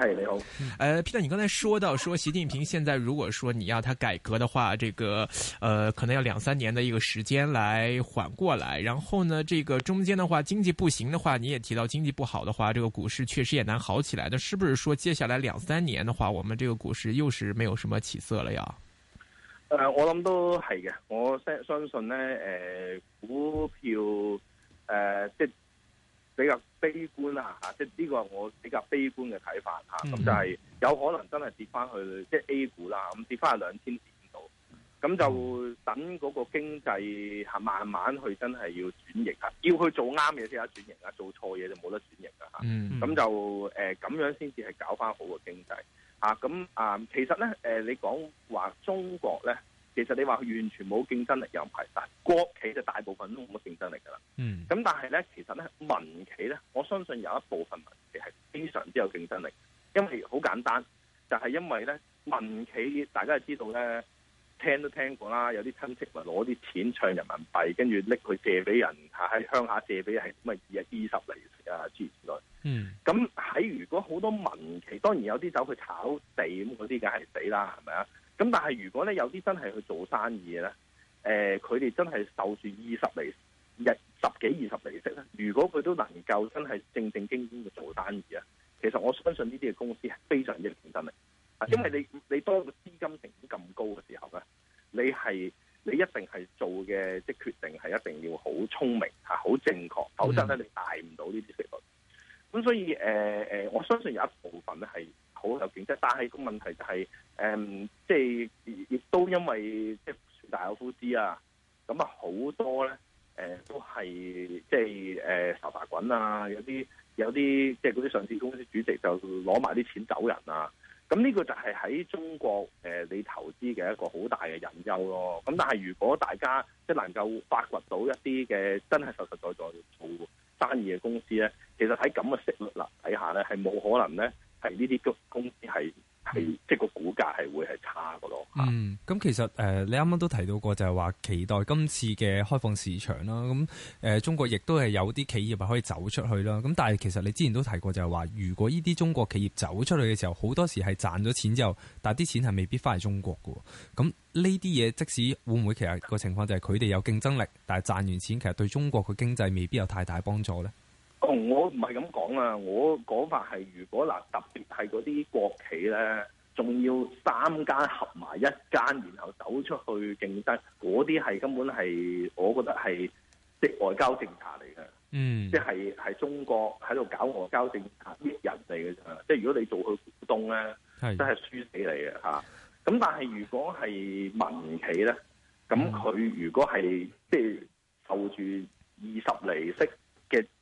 係你好，呃，Peter，你剛才說到說習近平現在如果說你要他改革的話，這個，呃，可能要兩三年的一個時間來緩過來。然後呢，這個中間的話，經濟不行的話，你也提到經濟不好的話，這個股市確實也難好起來。那是不是說接下來兩三年的話，我們這個股市又是沒有什麼起色了呀？呃，我諗都係嘅，我相相信呢，呃，股票，呃。即。比較悲觀啦吓，即係呢個我比較悲觀嘅睇法吓，咁就係有可能真係跌翻去，即係 A 股啦，咁跌翻去兩千點度，咁就等嗰個經濟吓慢慢去真係要轉型吓，要去做啱嘢先得轉型啊，做錯嘢就冇得轉型噶吓，咁就誒咁樣先至係搞翻好個經濟吓，咁啊其實咧誒你講話中國咧。其實你話佢完全冇競爭力又唔係，但係國企就大部分都冇競爭力噶啦。嗯，咁但係咧，其實咧，民企咧，我相信有一部分民企係非常之有競爭力，因為好簡單，就係、是、因為咧，民企大家知道咧，聽都聽過啦，有啲親戚咪攞啲錢唱人民幣，跟住搦去借俾人，喺鄉下借俾人係咁啊二二十厘啊之類、嗯嗯。嗯，咁喺如果好多民企，當然有啲走去炒地咁嗰啲，梗係死啦，係咪啊？咁但係如果咧有啲真係去做生意咧，誒、呃，佢哋真係受住二十厘日十幾二十厘息咧，如果佢都能夠真係正正經經嘅做生意嘢，其實我相信呢啲嘅公司係非常之競爭力，啊，因為你你當個資金成本咁高嘅時候咧，你係你一定係做嘅，即係決定係一定要好聰明，係好正確，否則咧你捱唔到呢啲息率。咁所以誒誒、呃，我相信有一部分咧係。好有品質，但係個問題就係、是、誒、嗯，即係亦都因為即係大有夫知啊，咁啊好多咧誒、呃，都係即係誒炒大滾啊，有啲有啲即係嗰啲上市公司主席就攞埋啲錢走人啊，咁呢個就係喺中國誒、呃、你投資嘅一個好大嘅隱憂咯。咁但係如果大家即係能夠發掘到一啲嘅真係實實在在做生意嘅公司咧，其實喺咁嘅息率底下咧，係冇可能咧。係呢啲公司係係即係個股價係會係差嘅咯，嗯，咁其實誒，你啱啱都提到過就係話期待今次嘅開放市場啦，咁誒，中國亦都係有啲企業可以走出去啦，咁但係其實你之前都提過就係話，如果呢啲中國企業走出去嘅時候，好多時係賺咗錢之後，但係啲錢係未必翻嚟中國嘅，咁呢啲嘢即使會唔會其實個情況就係佢哋有競爭力，但係賺完錢其實對中國嘅經濟未必有太大幫助咧？我唔係咁講啊！我講法係，如果嗱特別係嗰啲國企咧，仲要三間合埋一間，然後走出去競爭，嗰啲係根本係我覺得係即外交政策嚟嘅。嗯，即係係中國喺度搞外交政策啲人嚟嘅啫。即係如果你做佢股東咧，真係輸死你嘅嚇。咁是、啊、但係如果係民企咧，咁佢如果係即係受住二十厘息，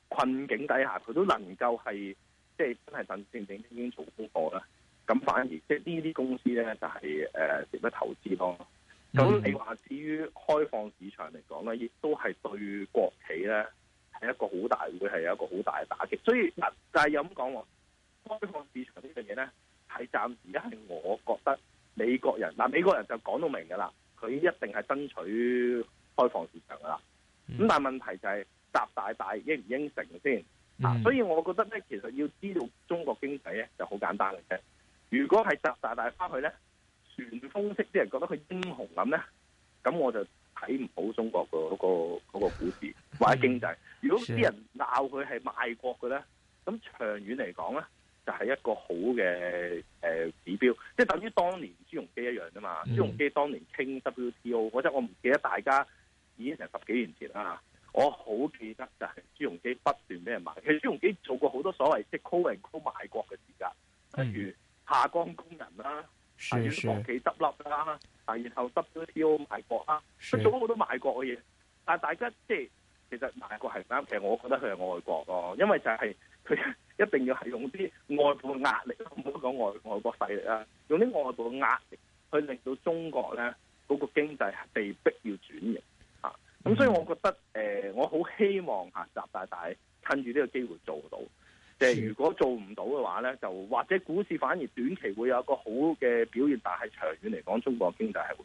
困境底下，佢都能夠係即係真係正正經經做功課啦。咁反而即係呢啲公司咧，就係誒值得投資咯、啊。咁你話至於開放市場嚟講咧，亦都係對國企咧係一個好大會，會係有一個好大嘅打擊。所以就係咁講，我開放市場這件事呢樣嘢咧，係暫時咧係我覺得美國人嗱、啊，美國人就講到明噶啦，佢一定係爭取開放市場噶啦。咁但係問題就係、是。習大大應唔應承先、嗯、啊！所以我覺得咧，其實要知道中國經濟咧就好簡單嘅啫。如果係習大大翻去咧，旋風式啲人覺得佢英雄咁咧，咁我就睇唔好中國、嗰個、嗰個、嗰個股市或者是經濟。如果啲人鬧佢係賣國嘅咧，咁長遠嚟講咧，就係、是、一個好嘅誒指標，即係等於當年朱鎔基一樣啊嘛。嗯、朱鎔基當年傾 WTO，或者我唔記得大家已經成十幾年前啦。我好記得就係朱鎔基不斷俾人賣，其實朱鎔基做過好多所謂即 calling call 賣國嘅事噶，例如下崗工人啦，啊、嗯，啲房企執笠啦，啊，然後 WTO 賣國啦，佢做咗好多賣國嘅嘢。但係大家即係其實賣國係唔啱，其實我覺得佢係愛國咯，因為就係佢一定要係用啲外部壓力，唔好講外外國勢力啦，用啲外部壓力去令到中國咧嗰個經濟係被逼要轉型。咁 所以，我覺得誒、呃，我好希望吓習大大趁住呢個機會做到。即、呃、係如果做唔到嘅話咧，就或者股市反而短期會有一個好嘅表現，但係長遠嚟講，中國經濟係會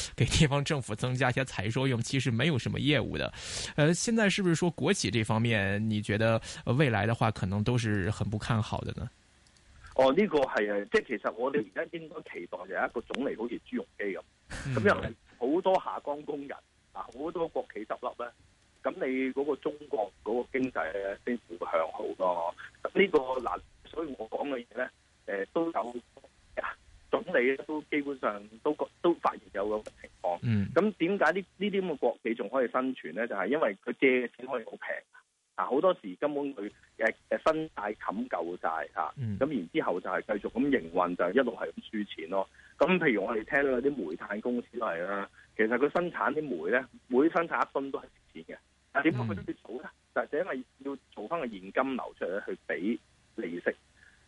給地方政府增加一些財收用其實沒有什麼業務的。呃，現在是不是說國企這方面，你覺得未來的話可能都是很不看好的呢？哦，呢、這個係啊，即係其實我哋而家應該期待有一個總理，好似朱鎔基咁，咁因為好多下崗工人，啊好、嗯、多國企執笠咧，咁你嗰個中國嗰個經濟咧先會向好的那、這個，咁呢個嗱，所以我講嘅嘢咧，誒、呃、都有。總理都基本上都都發現有咁嘅情況，咁點解呢呢啲咁嘅國企仲可以生存咧？就係因為佢借嘅錢可以好平，嗱好多時根本佢誒誒新債冚舊債嚇，咁然之後就係繼續咁營運，就一路係咁輸錢咯。咁譬如我哋聽到有啲煤炭公司都係啦，其實佢生產啲煤咧，每生產一噸都係蝕錢嘅，但點解佢都要做咧？就係因為要做翻個現金流出嚟去俾利息，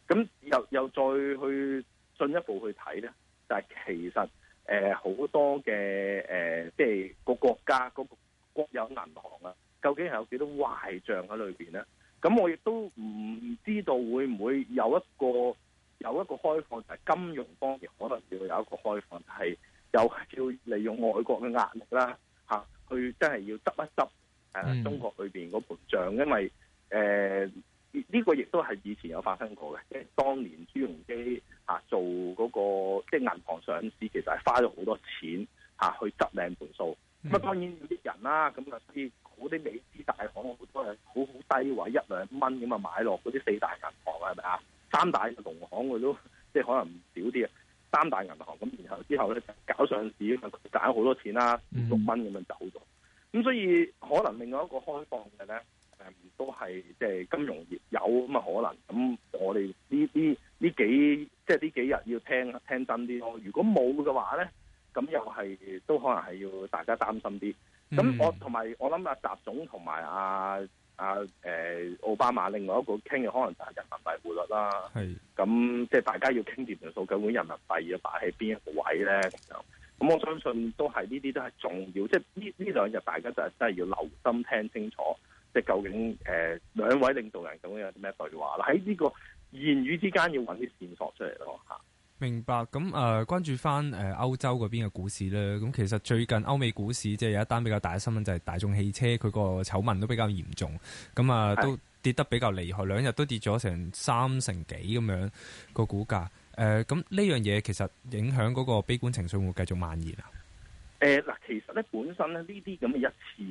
咁又又再去。進一步去睇咧，就係其實誒好多嘅誒，即係個國家嗰個國有銀行啊，究竟係有幾多壞賬喺裏邊咧？咁我亦都唔知道會唔會有一個有一個開放，就係、係、金融方面可能要有一個開放，係、就、又、係、要利用外國嘅壓力啦嚇，去真係要執一執誒中國裏邊嗰盤賬，因為誒呢、呃這個亦都係以前有發生過嘅，即係當年朱鎔基。公司其實係花咗好多錢嚇、啊、去執靚盤數，咁啊、mm hmm. 當然嗰啲人啦、啊，咁啊啲嗰啲美資大行好多係好好低，位，一兩蚊咁啊買落嗰啲四大銀行係咪啊？三大農行佢都即係可能唔少啲啊，三大銀行咁，然後之後咧搞上市咁啊賺好多錢啦、啊，mm hmm. 六蚊咁啊走咗，咁所以可能另外一個開放嘅咧誒都係即係金融業有咁啊可能咁我哋呢啲。呢幾即係呢幾日要聽聽真啲咯。如果冇嘅話咧，咁又係都可能係要大家擔心啲。咁、嗯、我同埋我諗阿習總同埋阿阿誒奧巴馬另外一個傾嘅可能就係人民幣匯率啦。係咁是，即係大家要傾掂條數，究竟會人民幣要擺喺邊一個位咧咁樣。咁我相信都係呢啲都係重要。即係呢呢兩日大家就係真係要留心聽清楚，即係究竟誒兩、呃、位領導人究竟有啲咩對話啦。喺呢、這個。言語之間要揾啲線索出嚟咯吓，明白。咁誒，關注翻誒歐洲嗰邊嘅股市咧。咁其實最近歐美股市即係有一單比較大嘅新聞，就係大眾汽車佢個醜聞都比較嚴重，咁啊都跌得比較厲害，兩日都跌咗成三成幾咁樣個股價。誒，咁呢樣嘢其實影響嗰個悲觀情緒會繼續蔓延啊？誒，嗱，其實咧本身咧呢啲咁嘅一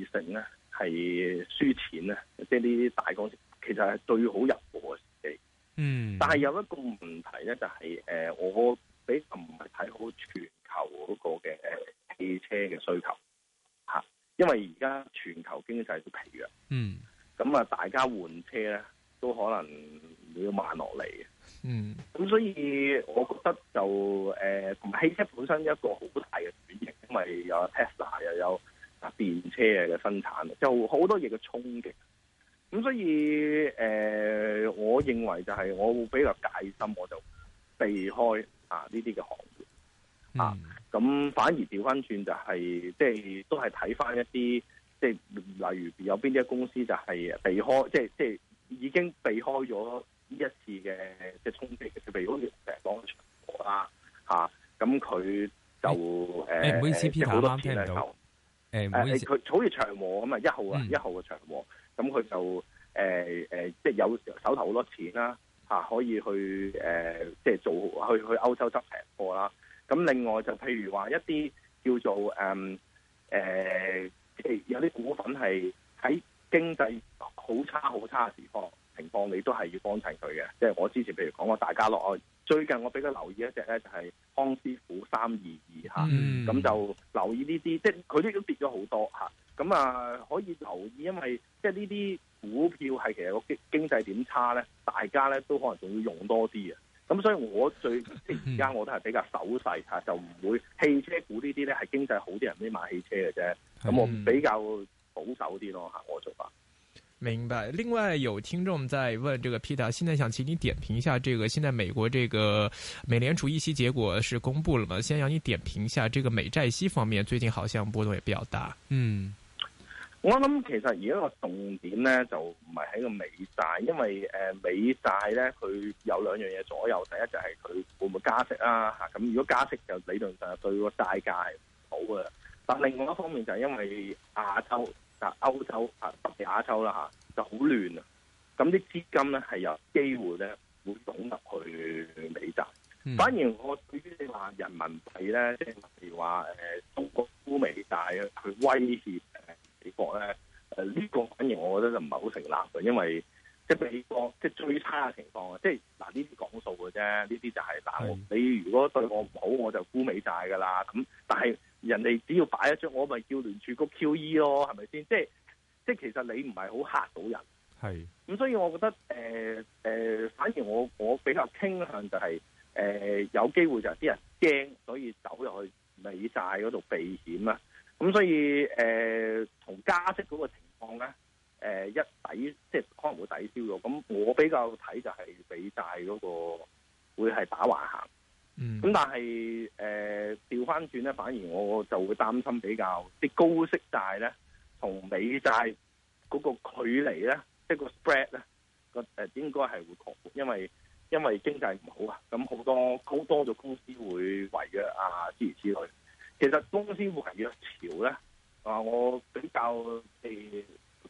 次性咧係輸錢咧，即係呢啲大降，其實係最好入貨嘅時嗯，但係有一個問題咧，就係、是、誒，我比較唔係睇好全球嗰個嘅誒汽車嘅需求吓，因為而家全球經濟都疲弱，嗯，咁啊，大家換車咧都可能會要慢落嚟嘅，嗯，咁所以我覺得就誒，同汽車本身一個好大嘅轉型，因為有 Tesla 又有啊電車嘅生產，就好多嘢嘅衝擊。咁所以，誒、呃，我認為就係，我會比較戒心，我就避開啊呢啲嘅行業。嗯、啊，咁反而調翻轉就係、是，即、就、係、是、都係睇翻一啲，即、就、係、是、例如有邊啲公司就係避開，就是、即係即係已經避開咗呢一次嘅即係衝擊嘅。譬如好似成日講長和啦，嚇、啊，咁佢就誒唔好意思好多錢啦。誒，佢好似長和咁啊，一號啊，嗯、一號嘅長和。咁佢就誒誒、呃呃，即係有手頭好多錢啦，嚇、啊、可以去誒、呃，即係做去去歐洲執平貨啦。咁、啊、另外就譬如話一啲叫做即誒、嗯呃，有啲股份係喺經濟好差好差嘅時況情況，你都係要幫襯佢嘅。即、就、係、是、我之前譬如講過，大家樂。最近我比較留意一隻咧、嗯，就係康師傅三二二嚇，咁就留意呢啲，即係佢都已經跌咗好多嚇，咁啊可以留意，因為即係呢啲股票係其實個經經濟點差咧，大家咧都可能仲要用多啲啊，咁所以我最即係而家我都係比較守勢嚇，就唔會汽車股呢啲咧係經濟好啲人先買汽車嘅啫，咁我比較保守啲咯嚇，我做法。明白。另外有聽眾在問，這個 Peter，現在想請你點評一下，這個現在美國這個美聯儲議息結果是公布了嗎？先要你點評一下，這個美債息方面最近好像波動也比較大。嗯，我諗其實而家個重點咧就唔係喺個美債，因為誒、呃、美債咧佢有兩樣嘢左右，第一就係佢會唔會加息啦、啊、吓，咁、啊嗯、如果加息就理論上對個債界唔好嘅，但另外一方面就係因為亞洲。啊，歐洲啊，特別亞洲啦嚇，就好亂啊。咁啲資金咧係有機會咧會湧入去美債。嗯、反而我對於你話人民幣咧，即係譬如話誒中國沽美債去威脅誒美國咧，誒、這、呢個反而我覺得就唔係好成立嘅，因為即係美國即係最差嘅情況啊。即係嗱呢啲講數嘅啫，呢啲就係、是、嗱的你如果對我唔好，我就沽美債噶啦。咁但係。人哋只要擺一張，我咪叫聯儲局 QE 咯，係咪先？即係即係其實你唔係好嚇到人，係是。咁所以我覺得誒誒、呃呃，反而我我比較傾向就係、是、誒、呃、有機會就係啲人驚，所以走入去美債嗰度避險啊。咁所以誒同、呃、加息嗰個情況咧，誒、呃、一抵即係、就是、可能會抵消咗。咁我比較睇就係美債嗰個會係打橫行。咁、嗯、但係誒調翻轉咧，反而我就會擔心比較啲高息債咧同美債嗰個距離咧，即、那、係個 spread 咧，個誒應該係會擴闊，因為因為經濟唔好啊，咁好多高多咗公司會違約啊，諸如此類。其實公司違約潮咧，啊我比較誒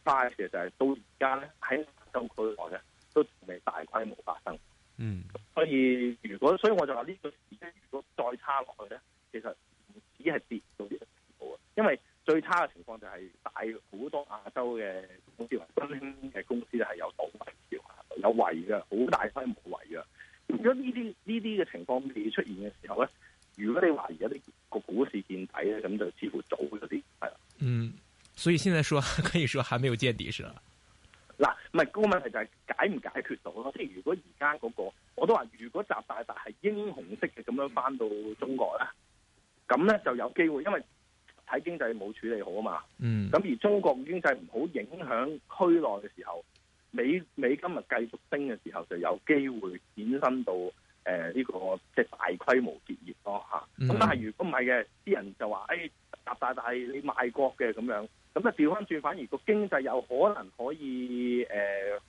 差嘅就係、是、到而家咧喺亞洲嗰度都未大規模發生。嗯，所以如果所以我就話呢個時間如果再差落去咧，其實唔止係跌到呢個程度啊，因為最差嘅情況就係大好多亞洲嘅，好似話新興嘅公司係有倒閉，有遺嘅好大規模遺嘅。如果呢啲呢啲嘅情況未出現嘅時候咧，如果你話而家個股市見底咧，咁就似乎早咗啲係啦。嗯，所以現在說可以說還沒有見底是啦。嗱，唔係個問題就係解唔解決到咯。即係如果而家嗰個，我都話如果習大大係英雄式嘅咁樣翻到中國啦，咁咧就有機會，因為睇經濟冇處理好啊嘛。嗯。咁而中國嘅經濟唔好影響區內嘅時候，美美今日繼續升嘅時候就有機會衍生到誒呢、呃這個即係、就是、大規模結業咯嚇。咁、嗯、但係如果唔係嘅，啲人就話誒、哎、習大大你賣國嘅咁樣。咁啊，掉返轉反而個經濟有可能可以誒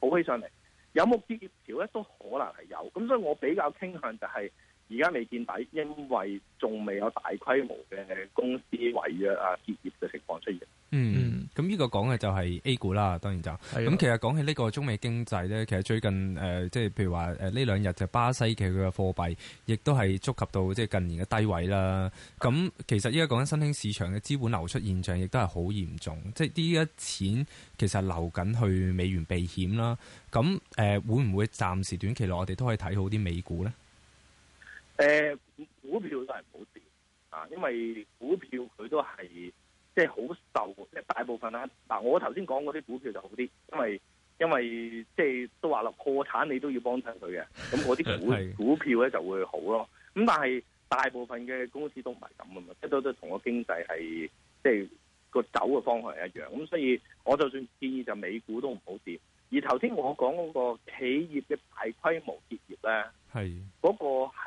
好、呃、起上嚟，有冇接橋咧都可能係有，咁所以我比較傾向就係、是。而家未見底，因為仲未有大規模嘅公司違約啊結業嘅情況出現。嗯，咁呢個講嘅就係 A 股啦。當然就咁，的其實講起呢個中美經濟咧，其實最近誒，即、呃、係譬如話誒呢兩日就巴西嘅佢嘅貨幣，亦都係觸及到即係近年嘅低位啦。咁的其實依家講緊新興市場嘅資本流出現象，亦都係好嚴重。即係呢一錢其實流緊去美元避險啦。咁誒、呃，會唔會暫時短期內我哋都可以睇好啲美股咧？誒、欸，股票都係唔好跌啊，因為股票佢都係即係好受，即係大部分啦。嗱，我頭先講嗰啲股票就好啲，因為因為即係都話啦，破產你都要幫襯佢嘅，咁我啲股是的 股票咧，就會好咯。咁但係大部分嘅公司都唔係咁噶嘛，即都都同個經濟係即係個走嘅方向係一樣。咁所以我就算建議就美股都唔好跌。而頭先我講嗰個企業嘅大規模結業咧，係。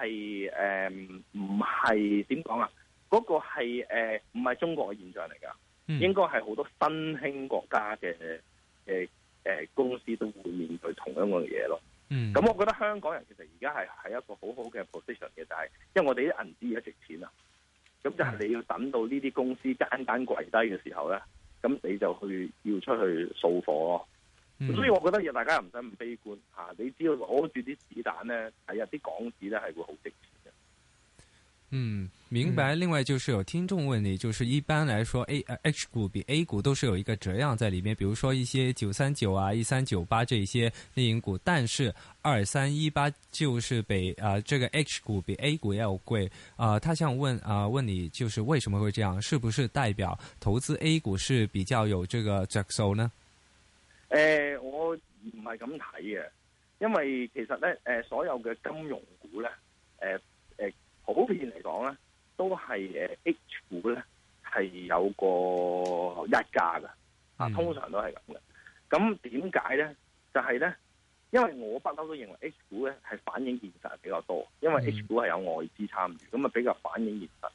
係誒，唔係點講啊？嗰、呃那個係誒，唔、呃、係中國嘅現象嚟噶，應該係好多新興國家嘅嘅誒公司都會面對同樣嘅嘢咯。咁、嗯、我覺得香港人其實而家係係一個很好好嘅 position 嘅，就是，就係因為我哋啲銀紙而家值錢啊。咁就係你要等到呢啲公司間間跪低嘅時候咧，咁你就去要出去掃貨咯。嗯、所以我覺得大家唔使咁悲觀啊你只要攞住啲子彈呢，係啊啲港紙呢，係會好值錢嘅。嗯，明白。另外，就是有聽眾問你，就是一般來說 A H 股比 A 股都是有一個折讓在裏面，比如說一些九三九啊、一三九八這些內銀股，但是二三一八就是比啊、呃、這個 H 股比 A 股要貴啊、呃。他想問啊、呃，問你就是為什麼會這樣？是不是代表投資 A 股是比較有這個折讓呢？誒、呃，我唔係咁睇嘅，因為其實咧，誒、呃，所有嘅金融股咧，誒、呃、誒、呃，普遍嚟講咧，都係誒 H 股咧係有個一價噶，啊、嗯，通常都係咁嘅。咁點解咧？就係、是、咧，因為我不嬲都認為 H 股咧係反映現實係比較多，因為 H 股係有外資參與，咁啊比較反映現實。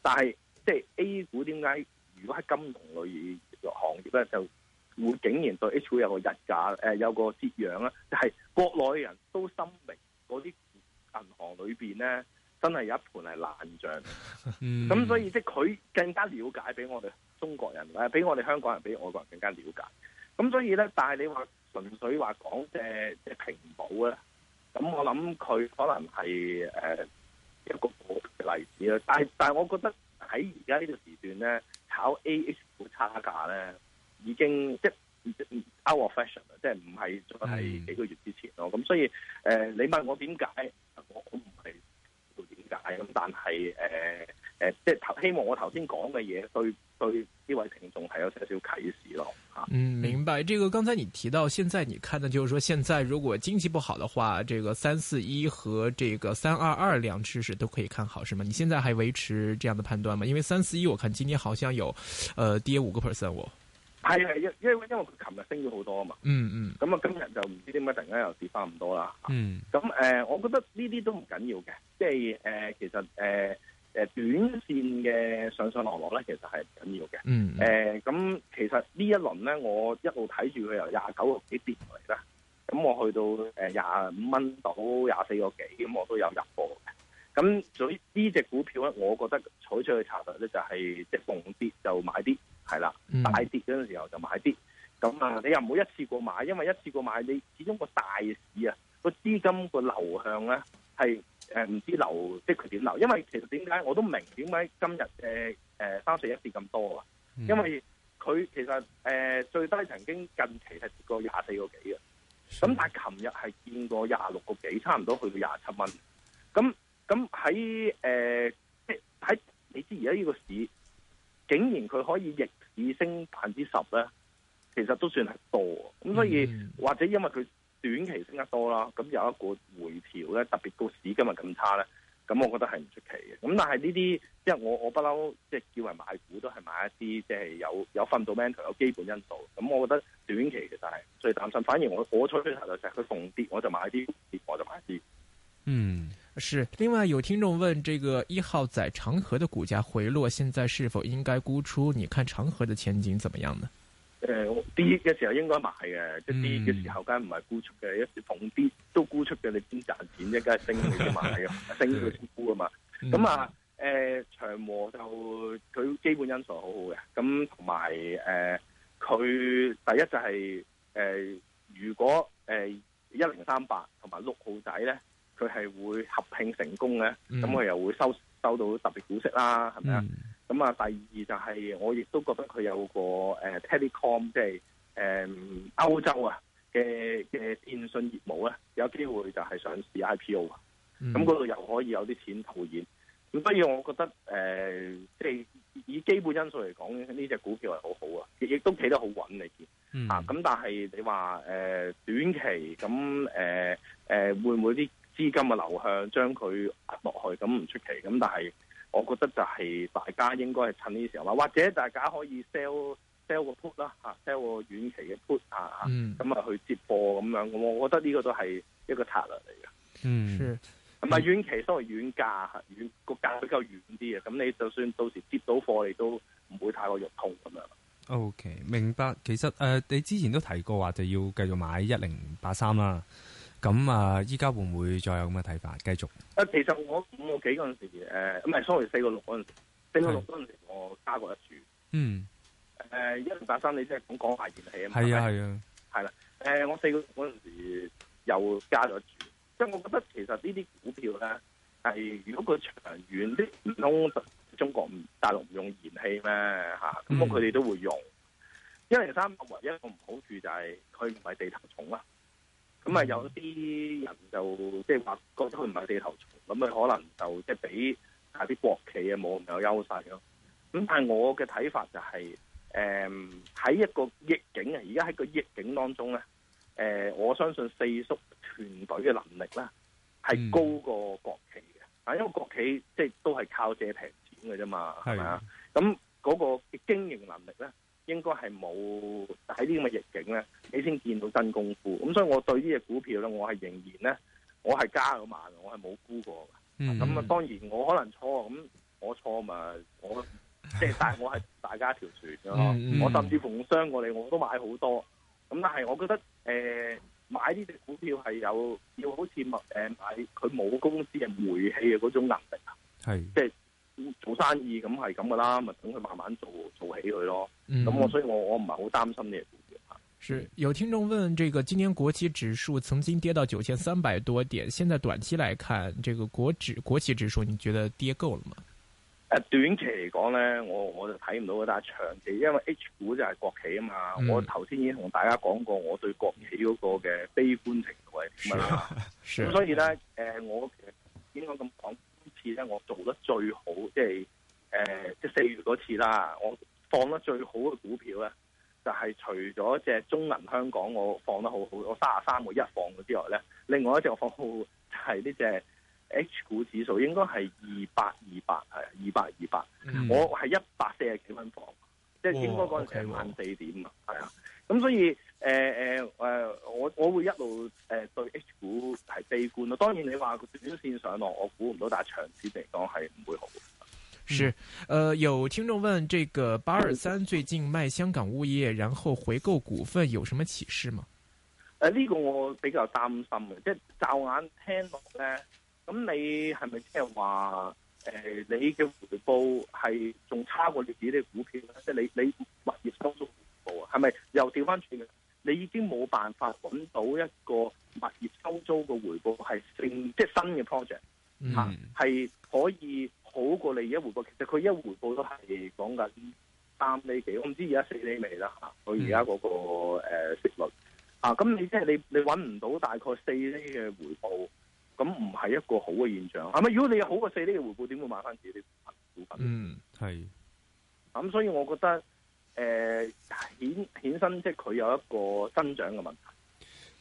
但係即係 A 股點解？如果喺金融類業行業咧就？會竟然對 H 股有個日價，誒、呃、有個折讓啊！就係國內人都心明，嗰啲銀行裏邊咧，真係有一盤係爛賬。咁、嗯、所以即係佢更加了解，比我哋中國人，誒比我哋香港人，比外國人更加了解。咁所以咧，但係你話純粹話講嘅即係評估咧，咁我諗佢可能係誒、呃、一個好嘅例子啦。但係但係，我覺得喺而家呢個時段咧，炒 AH 股差價咧，已經即係 out of fashion 即係唔係再係幾個月之前咯。咁、嗯、所以誒、呃，你問我點解，我唔係點解咁，但係誒誒，即係希望我頭先講嘅嘢對對呢位聽眾係有少少啟示咯嚇。嗯，明白。這個剛才你提到，現在你看的，就是說現在如果經濟不好的話，這個三四一和這個三二二兩隻市都可以看好，是嗎？你現在還維持這樣的判斷嗎？因為三四一我看今天好像有呃，呃，跌五個 percent 喎。係啊，因因為因為佢琴日升咗好多啊嘛，嗯嗯，咁啊今日就唔知點解突然間又跌翻咁多啦，嗯，咁誒、嗯呃，我覺得呢啲都唔緊要嘅，即係誒、呃，其實誒誒、呃、短線嘅上上落落咧，其實係唔緊要嘅，嗯，誒、呃，咁其實一輪呢一輪咧，我一路睇住佢由廿九個幾跌落嚟啦，咁我去到誒廿五蚊到廿四個幾，咁、嗯、我都有入貨嘅，咁所以呢隻股票咧，我覺得採取去查實咧就係即逢跌就買啲。係啦，大跌嗰陣時候就買啲，咁啊你又唔好一次過買，因為一次過買，你始終個大市啊個資金個流向咧係誒唔知流即係佢點流，因為其實點解我都唔明點解今日誒誒三四一跌咁多啊？因為佢其實誒、呃、最低曾經近期係跌過廿四個幾啊。咁但係琴日係見過廿六個幾，差唔多去到廿七蚊。咁咁喺誒即係喺你知而家呢個市竟然佢可以逆。已升百分之十咧，其實都算係多，咁所以、mm hmm. 或者因為佢短期升得多啦，咁有一個回調咧，特別個市今日咁差咧，咁我覺得係唔出奇嘅。咁但係呢啲，即係我我不嬲，即係叫人買股都係買一啲即係有有 fundamental 有基本因素。咁我覺得短期其實係最擔心，反而我我採取就成日佢逢跌我就買啲，跌我就買啲，嗯、mm。Hmm. 是，另外有聽眾問：，這個一號仔長和的股價回落，現在是否應該沽出？你看長和的前景怎麼樣呢？誒、呃，跌嘅時候應該買嘅，一、就是、跌嘅時候梗係唔係沽出嘅，嗯、一逢跌都沽出嘅，你點賺錢啫？梗係升你先買嘅， 升佢沽啊嘛。咁啊對，誒、嗯呃、長和就佢基本因素好好嘅，咁同埋誒佢第一就係、是、誒、呃、如果誒一零三八同埋六號仔咧。佢係會合併成功嘅，咁佢、嗯、又會收收到特別股息啦，係咪啊？咁啊、嗯，第二就係、是、我亦都覺得佢有個誒、呃、Telecom，即係誒、呃、歐洲啊嘅嘅電信業務咧，有機會就係上市 IPO 啊，咁嗰度又可以有啲錢套現。咁不如我覺得誒、呃，即係以基本因素嚟講呢隻、這個、股票係好好、嗯、啊，亦亦都企得好穩嚟嘅。啊、呃，咁但係你話誒短期咁誒誒會唔會啲？資金嘅流向將佢壓落去，咁唔出奇。咁但係，我覺得就係大家應該係趁呢時候啦，或者大家可以 sell sell 個 put 啦，嚇、啊、sell 個遠期嘅 put 啊，咁啊去接貨咁樣。咁我覺得呢個都係一個策略嚟嘅。嗯，係咁啊，遠期雖然遠價嚇遠個價比較遠啲啊，咁你就算到時接到貨，你都唔會太過肉痛咁樣。OK，明白。其實誒、呃，你之前都提過話，就要繼續買一零八三啦。咁啊，依家會唔會再有咁嘅睇法？繼續。其實我五個幾嗰陣時，誒、呃，唔係，sorry，四個六嗰陣時，四個六嗰陣時，我加過一注。嗯的。誒、呃，一零八三，你即係咁講下燃氣啊？係啊，係啊。係啦，誒、呃，我四個六嗰陣時又加咗一注，即係我覺得其實呢啲股票咧，係如果佢長遠，啲唔通中國大陸唔用燃氣咩？吓的，咁我佢哋都會用。一零三唯一一個唔好處就係佢唔係地頭重啊。咁啊、嗯、有啲人就即係話覺得佢唔係地頭蟲，咁佢可能就即係比大啲國企啊，冇咁有優勢咯。咁但係我嘅睇法就係、是，誒、嗯、喺一個逆境啊，而家喺個逆境當中咧，誒、呃、我相信四叔團隊嘅能力咧係高過國企嘅，但、嗯、因為國企即係、就是、都係靠借平錢嘅啫嘛，係咪啊？咁嗰個經營能力咧？應該係冇喺呢咁嘅逆境咧，你先見到真功夫。咁所以我對呢隻股票咧，我係仍然咧，我係加咗萬，我係冇沽過。咁啊、嗯，當然我可能錯，咁我錯咪、就是、我即係但係我係大家條船咯。嗯嗯我甚至乎商過你，我都買好多。咁但係我覺得誒、呃、買呢隻股票係有要好似物誒買佢冇公司嘅煤氣嘅嗰種能力啊，係即係。做生意咁係咁噶啦，咪等佢慢慢做做起佢咯。咁我所以我我唔係好擔心呢個股票吓。是有聽眾問，這個今年國企指數曾經跌到九千三百多點，現在短期來看，這個國指國企指數，你覺得跌夠了嗎？短期嚟講咧，我我就睇唔到嗰單長期，因為 H 股就係國企啊嘛。我頭先已經同大家講過，我對國企嗰個嘅悲觀情緒咁啦。咁所以咧，誒，我其實應該咁講。次咧，我做得最好，即係誒、呃，即係四月嗰次啦。我放得最好嘅股票咧，就係、是、除咗隻中銀香港我放得好好，我三啊三個一放之外咧，另外一隻我放好係呢隻 H 股指數，應該係二八二八。係啊，二八二八，我係一百四十幾蚊放，即係應該嗰陣成萬四點啊，係啊，咁所以誒。呃當然你話短線上落，我估唔到，但長線嚟講係唔會好的。嗯、是，誒、呃，有聽眾問，這個八二三最近賣香港物業，然後回購股份，有什麼啟示嗎？誒，呢個我比較擔心嘅。即係驟眼聽落咧，咁你係咪即係話，誒、呃，你嘅回報係仲差過你自己嘅股票即係、就是、你你物業當中回報係咪又調翻轉？你已經冇辦法揾到一個。物業收租個回報係成即係新嘅 project 吓，係、嗯、可以好過你而家回報。其實佢一回報都係講緊三厘幾，我唔知而家四厘未啦吓。佢而家嗰個誒息率啊，咁、嗯、呃、你即係你你搵唔到大概四厘嘅回報，咁唔係一個好嘅現象，係咪？如果你有好過四厘嘅回報，點會買翻自己啲股份？嗯，係。咁、嗯、所以我覺得誒顯顯身，即係佢有一個增長嘅問題。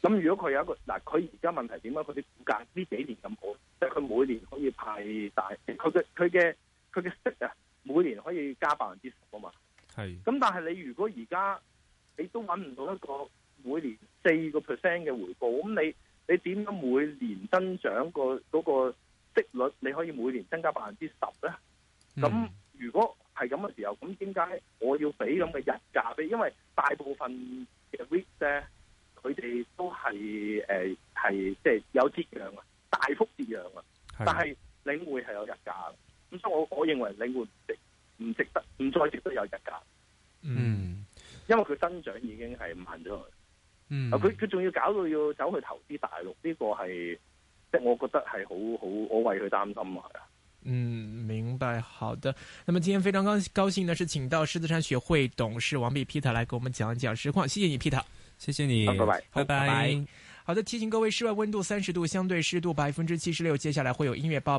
咁如果佢有一個嗱，佢而家問題點解佢啲股價呢幾年咁好，即係佢每年可以派大，佢嘅佢嘅佢嘅息啊，每年可以加百分之十啊嘛。係是。咁但係你如果而家你都揾唔到一個每年四個 percent 嘅回報，咁你你點樣每年增長個嗰個息率？你可以每年增加百分之十咧？咁、嗯、如果係咁嘅時候，咁點解我要俾咁嘅日價俾？因為大部分嘅 risk 佢哋都係誒，係即係有折讓啊，大幅折讓啊。但係領匯係有入價，咁所以我我認為領匯值唔值得，唔再值得有入價。嗯，因為佢增長已經係唔行咗。嗯，佢佢仲要搞到要走去投資大陸，呢個係即係我覺得係好好，我為佢擔心啊。嗯，明白，好的。咁啊，今天非常高高興的是，請到獅子山學會董事王弼 Peter 來給我們講一講實況。謝謝你，Peter。謝謝你，拜拜拜拜，好的，提醒各位，室外溫度三十度，相對濕度百分之七十六，接下來會有音樂播報。